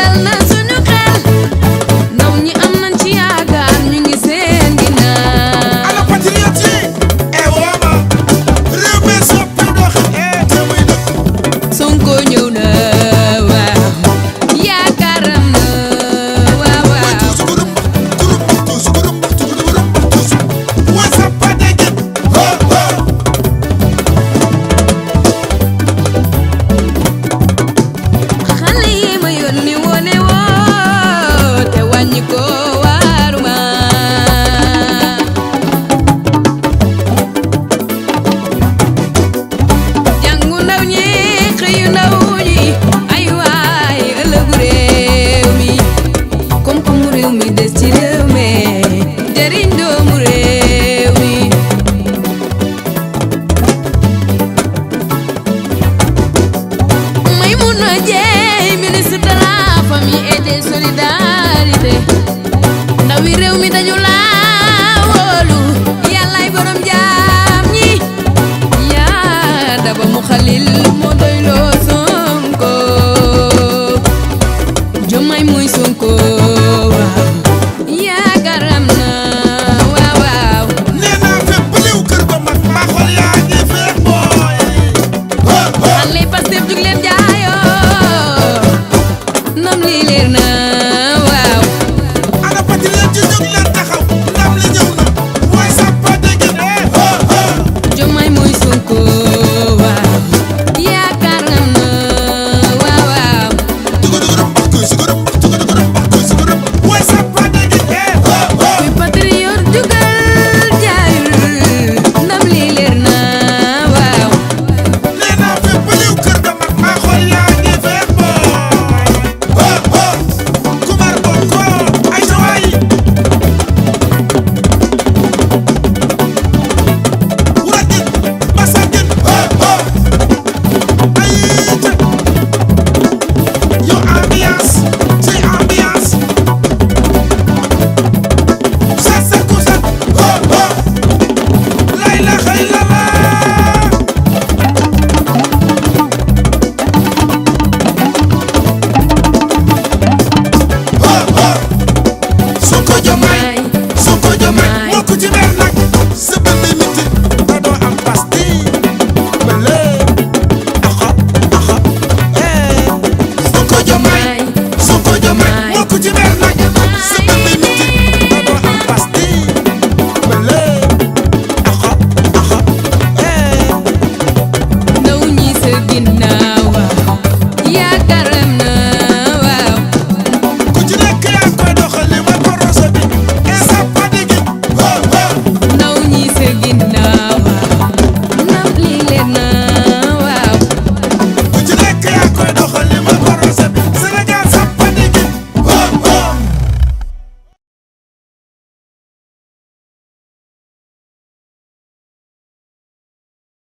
dal na ndawi réew mi dañu la wóolu yàllaay borom jaam ñi yaa daba mu xalil moo doy loo sonko jomay mooy sonko